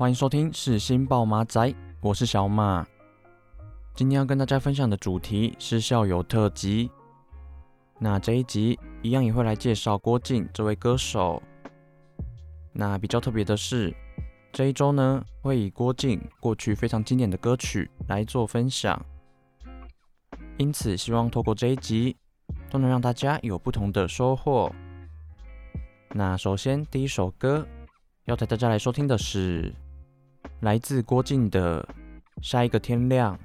歡迎收聽《世新報馬仔》，我是小馬。今天要跟大家分享的主題是校友特輯。那這一集一樣也會來介紹郭靜這位歌手。那比較特別的是，這一周呢會以郭靜過去非常經典的歌曲來做分享。因此，希望透過這一集都能讓大家有不同的收穫。那首先第一首歌要帶大家來收聽的是。來自郭靜的下一個天亮。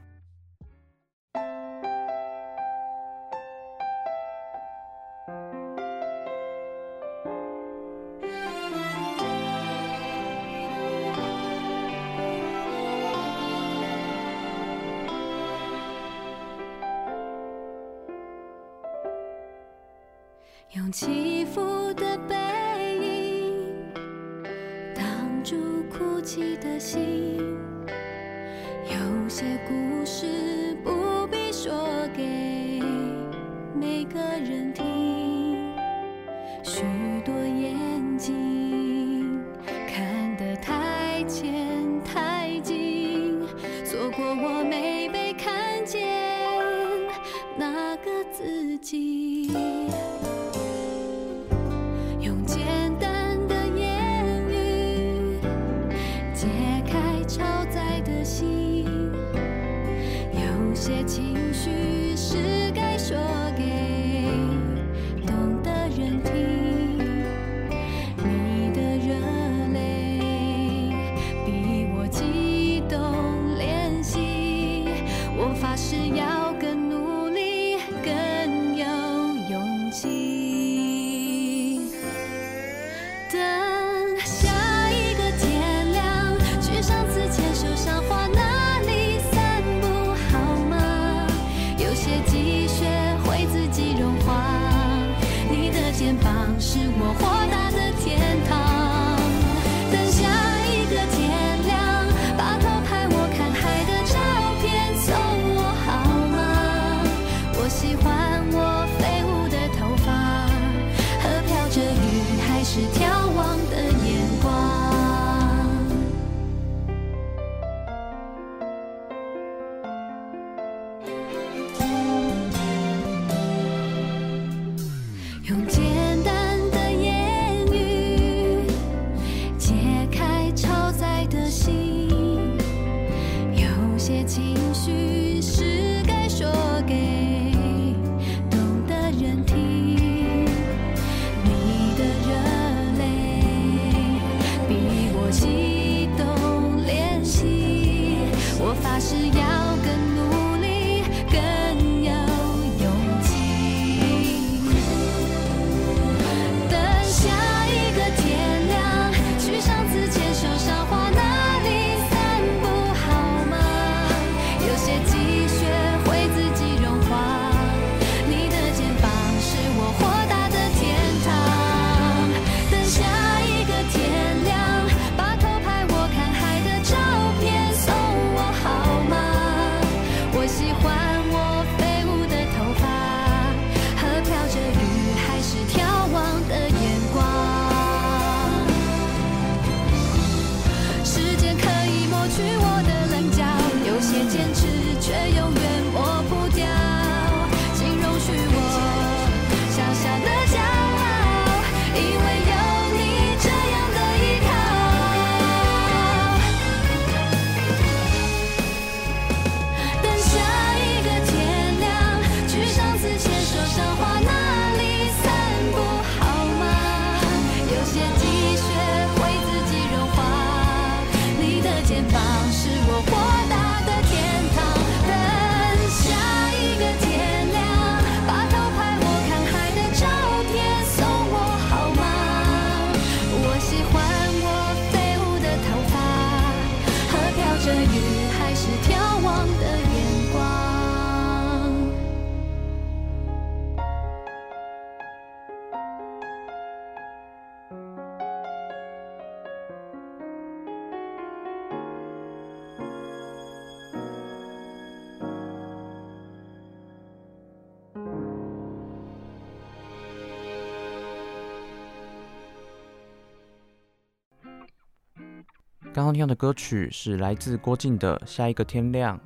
剛剛聽到的歌曲是來自郭靜的《下一個天亮》。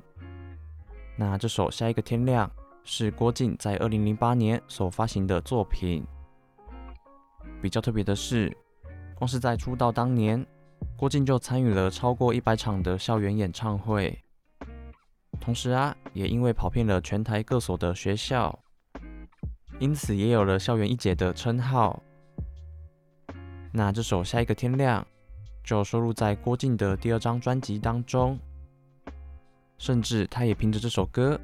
那這首《下一個天亮》是郭靜在二零零八年所發行的作品。比較特別的是，光是在出道當年，郭靜就參與了超過一百場的校園演唱會。同時啊，也因為跑遍了全台各所的學校，因此也有了“校園一姐”的稱號。那這首《下一個天亮》。就收錄在郭靜的第二張專輯當中，甚至他也憑着這首歌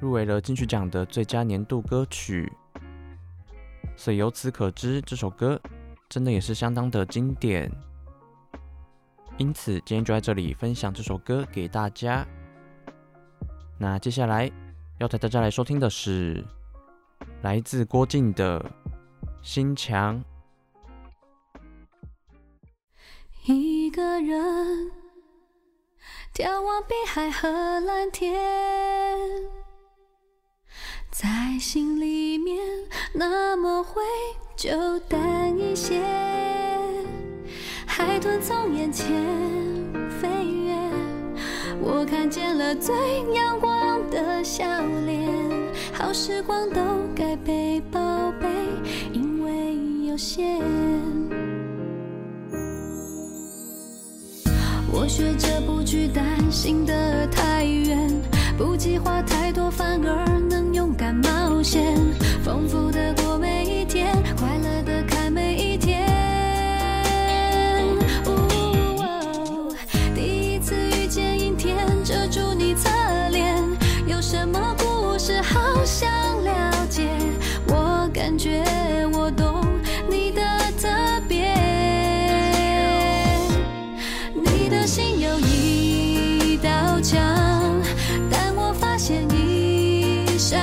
入圍了金曲獎的最佳年度歌曲。所以由此可知，這首歌真的也是相當的經典。因此，今天就在這裡分享這首歌給大家。那接下來要帶大家來收聽的是來自郭靜的心牆。一個人眺望碧海和藍天，在心裡面，那抹灰就淡一些。海豚從眼前飛越，我看見了最陽光的笑臉。好時光都該被寶貝，因為有限。學着不去擔心得太遠，不計劃太多，反而能勇敢冒險。豐富的過每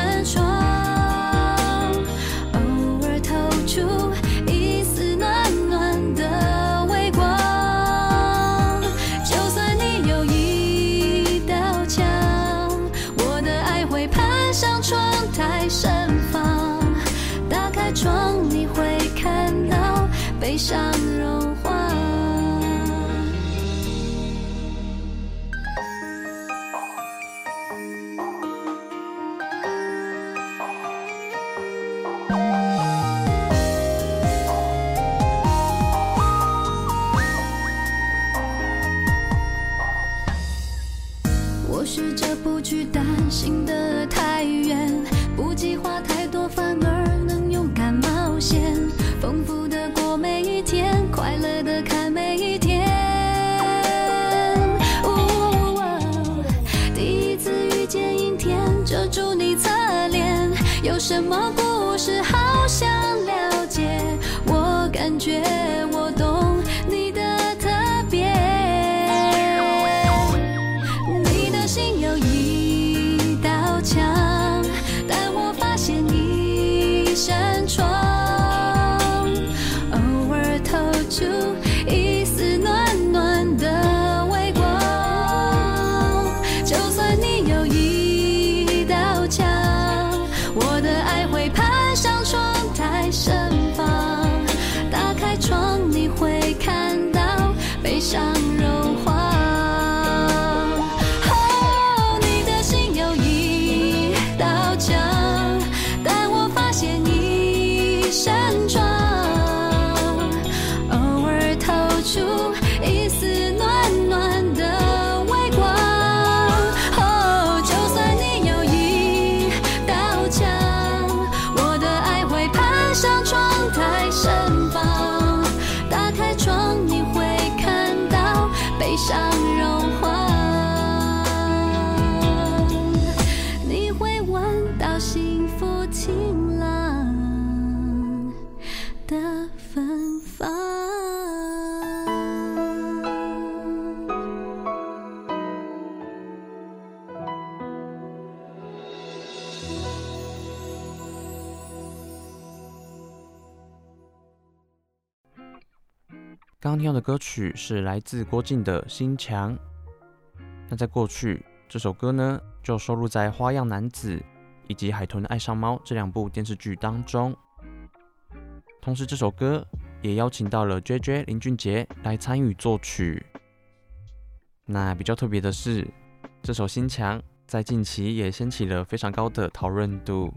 感受，嗯。什麼故事好？剛剛聽到的歌曲是來自郭靜的《心牆》。那在過去，這首歌呢，就收錄在《花樣男子》以及《海豚愛上貓》這兩部電視劇當中。同時，這首歌也邀請到了 JJ 林俊杰來參與作曲。那比較特別的是，這首《心牆》在近期也掀起了非常高的討論度。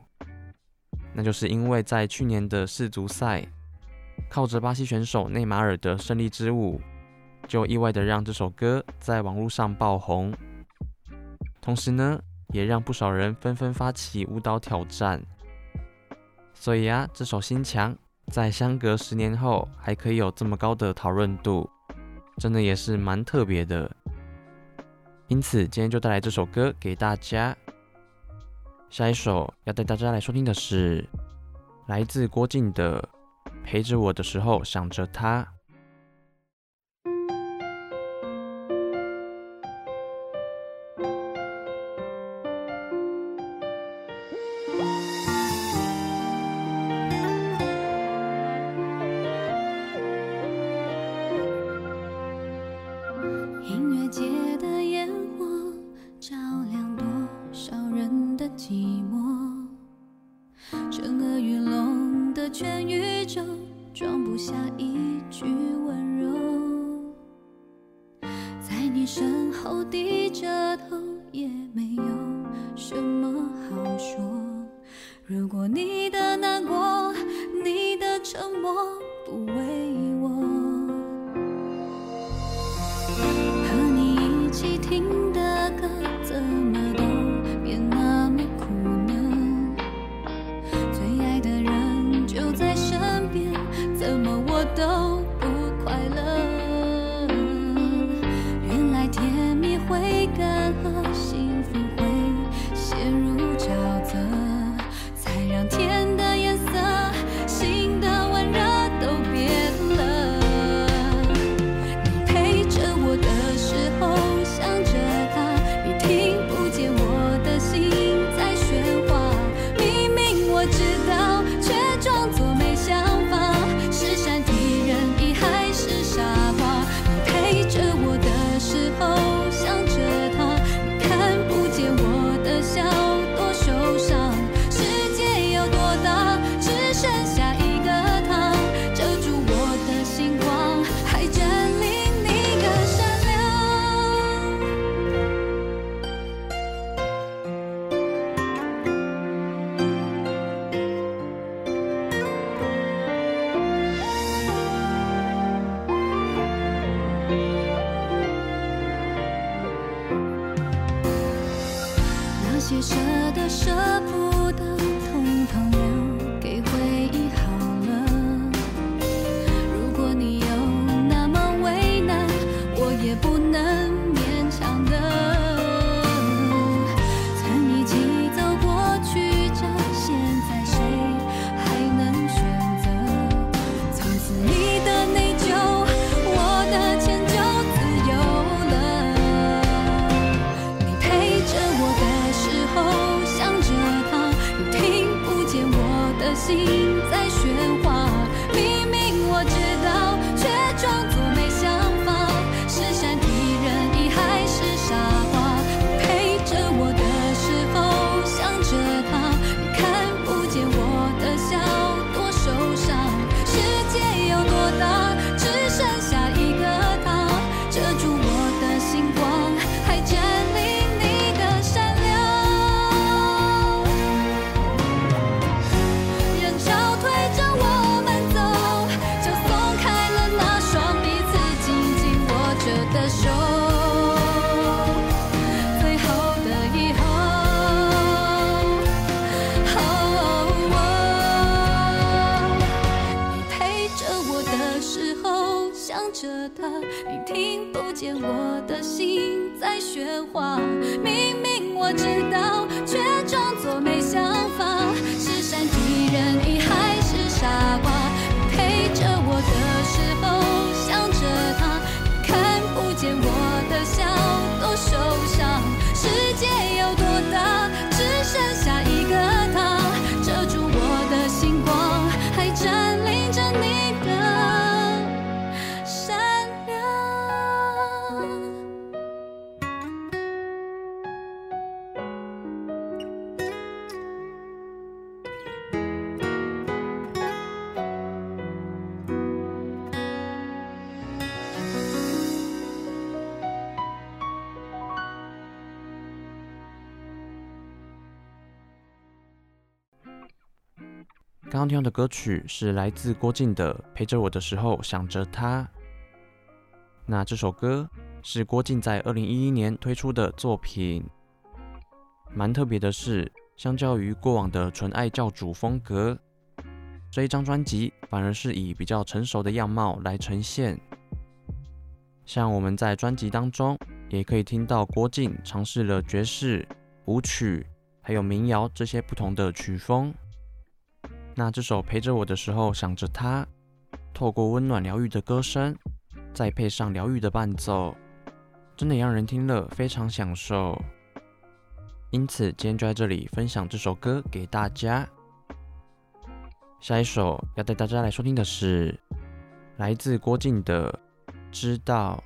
那就是因為在去年的世足賽。靠着巴西選手內馬爾的勝利之舞，就意外的讓這首歌在網絡上爆紅，同時呢，也讓不少人紛紛發起舞蹈挑戰。所以啊，這首心牆在相隔十年後還可以有這麼高的討論度，真的也是蠻特別的。因此，今天就帶來這首歌給大家。下一首要帶大家來收聽的是來自郭靜的。陪着我的時候，想着他。裝不下一句溫柔，在你身後低着頭，也沒有什麼好說。如果你。明明我知道。剛剛聽到的歌曲是來自郭靜的《陪着我的時候想着他》。那這首歌是郭靜在二零一一年推出的作品。蠻特別的是，相較於過往的純愛教主風格，這一張專輯反而是以比較成熟的樣貌來呈現。像我們在專輯當中，也可以聽到郭靜嘗試了爵士、舞曲，還有民謠這些不同的曲風。那這首陪着我的時候，想着他，透過溫暖療癒的歌聲，再配上療癒的伴奏，真的讓人聽了非常享受。因此，今天就在這裡分享這首歌給大家。下一首要帶大家來收聽的是來自郭靜的《知道》。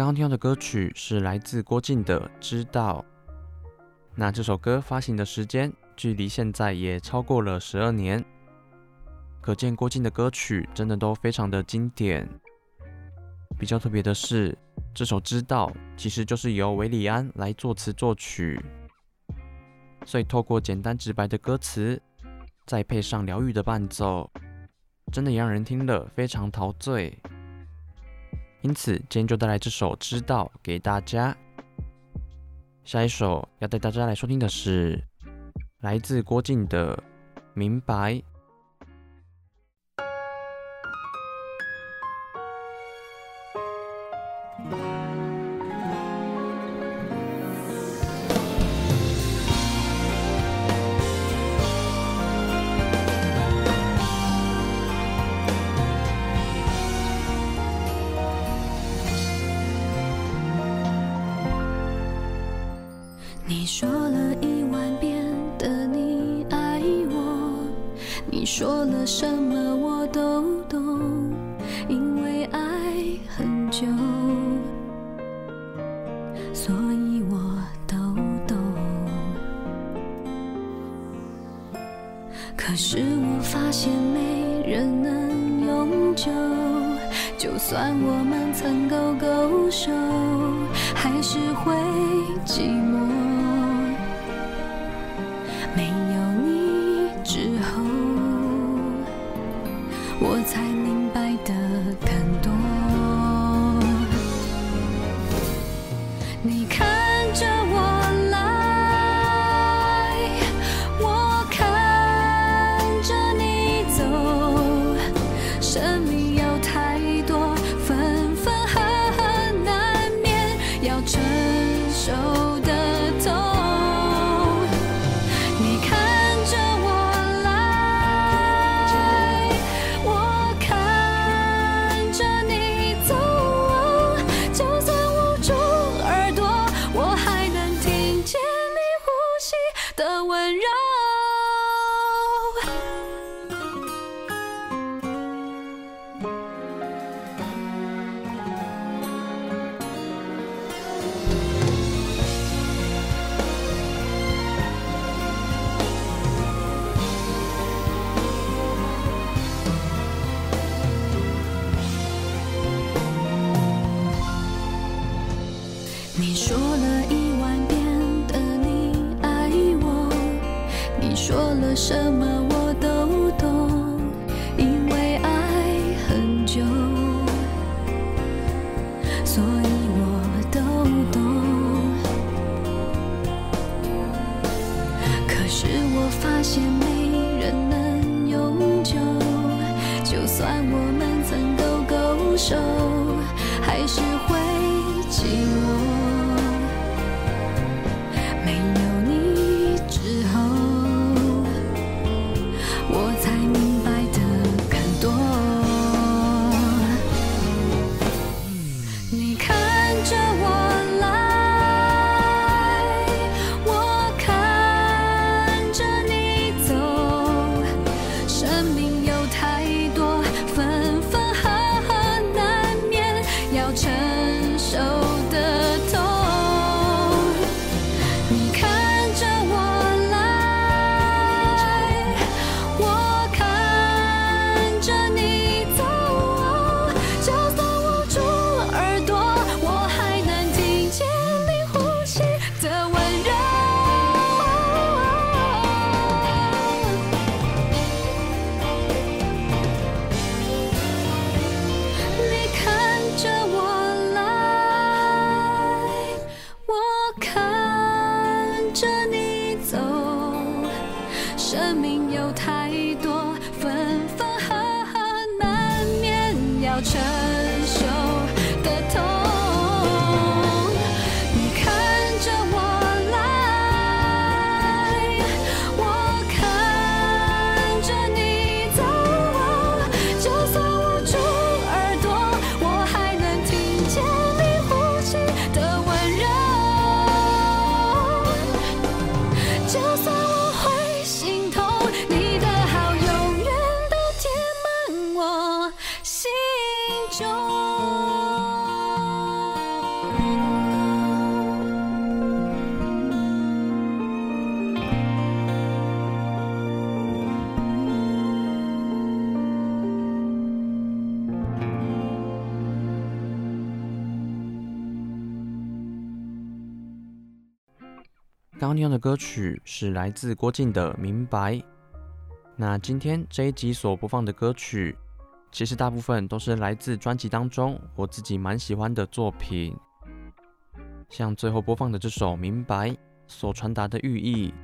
剛剛聽到的歌曲是來自郭靜的《知道》，那這首歌發行的時間距離現在也超過了十二年，可見郭靜的歌曲真的都非常的經典。比較特別的是，這首《知道》其實就是由韋禮安來作詞作曲，所以透過簡單直白的歌詞，再配上療癒的伴奏，真的讓人聽了非常陶醉。因此，今天就帶來這首《知道》給大家。下一首要帶大家來收聽的是來自郭靜的《明白》。你說了一萬遍的你愛我，你說了什麼我，做了什麼，我都懂。剛剛的歌曲是來自郭靜的《明白》。那今天這一集所播放的歌曲，其實大部分都是來自專輯當中我自己蠻喜歡的作品。像最後播放的這首《明白》，所傳達的寓意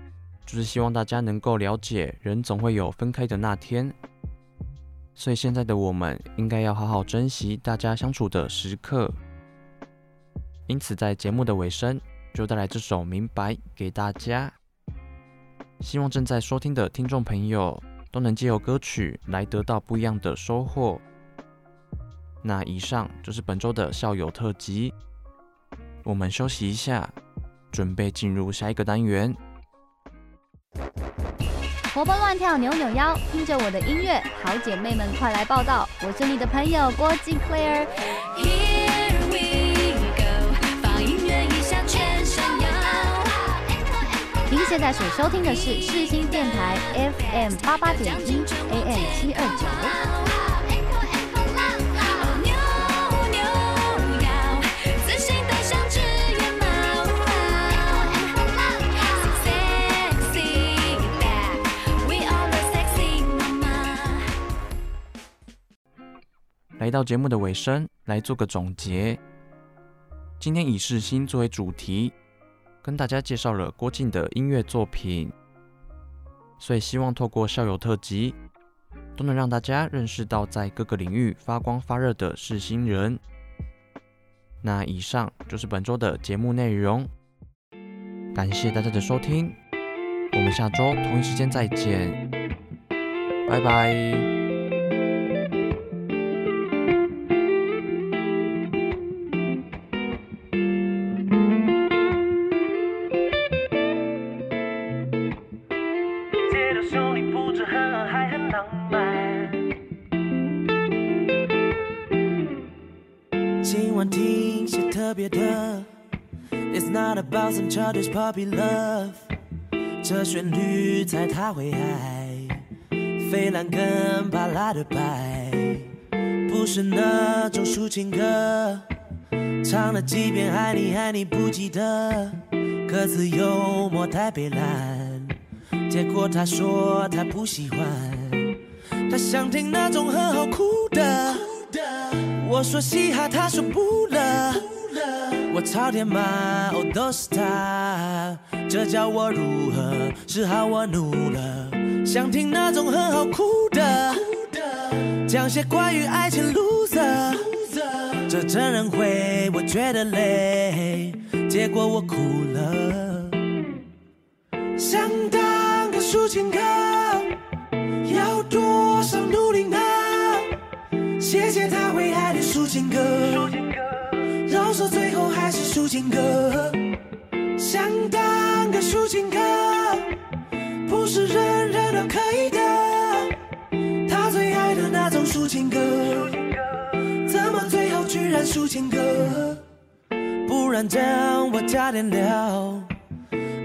就是希望大家能夠了解，人總會有分開的那天。所以現在的我們應該要好好珍惜大家相處的時刻。因此在節目的尾聲。就帶來這首《明白》給大家，希望正在收聽的聽眾朋友都能借由歌曲來得到不一樣的收穫。那以上就是本周的校友特輯，我們休息一下，準備進入下一個單元。活蹦亂跳扭扭腰，聽着我的音樂，好姐妹們快來報道！我是你的朋友郭靜 Clear。您現在所收聽的是世新電臺 FM 八八點一，AM 七二九。來到節目的尾聲，來做個總結。今天以世新作為主題，跟大家介紹了郭靜的音樂作品，所以希望透過校友特輯，都能讓大家認識到在各個領域發光發熱的世新人。那以上就是本周的節目內容，感謝大家的收聽，我們下周同一時間再見，拜拜。Some childish puppy love，這旋律猜他會愛。飛蘭跟巴拉的掰，不是那種抒情歌。唱了幾遍愛你愛你不記得，歌詞幽默太悲慘，結果他說他不喜歡，他想聽那種很好哭的。我說嘻哈，他說不。我朝天馬哦、oh，都是他，這叫我如何是好？我怒了，想聽那種很好哭的，講些關於愛情 loser。這真人會，我覺得累，結果我哭了。想當個抒情歌，要多少努力呢？謝謝他會愛的抒情歌。說最後還是抒情歌，想當個抒情歌，不是人人都可以的。他最愛的那種抒情歌，怎麼最後居然抒情歌。不然叫我加點料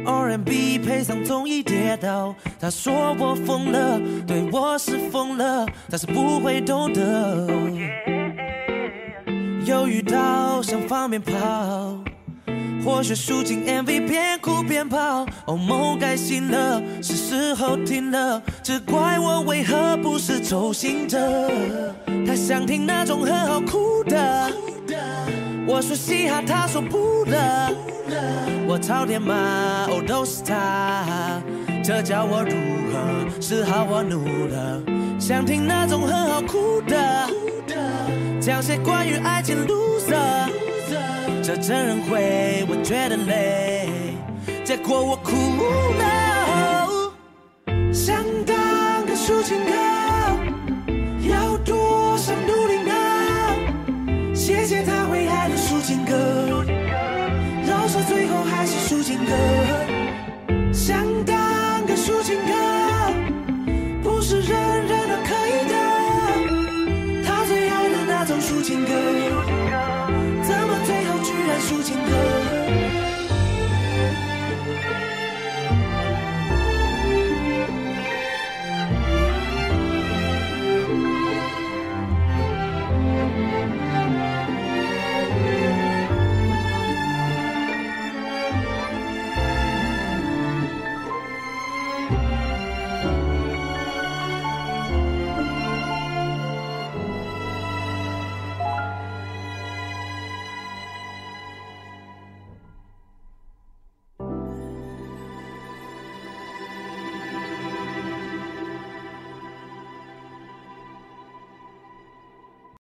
，R&B 配上綜藝跌倒。他說我瘋了，對我是瘋了，他是不會懂的。又遇到想放便跑，或學抒情 MV 邊哭邊跑。哦，夢該醒了，是時候停了。只怪我為何不是周興哲？他想聽那種很好哭的，我說嘻哈，他說不的。我朝天罵，哦、oh, 都是他，這叫我如何是好？我怒了。想聽那種很好哭的，哭的，講些關於愛情 loser，這真人會我覺得累，結果我哭了。想當個抒情歌，要多少努力呢、啊？謝謝他會愛的抒情歌，饒舌最後還是抒情歌。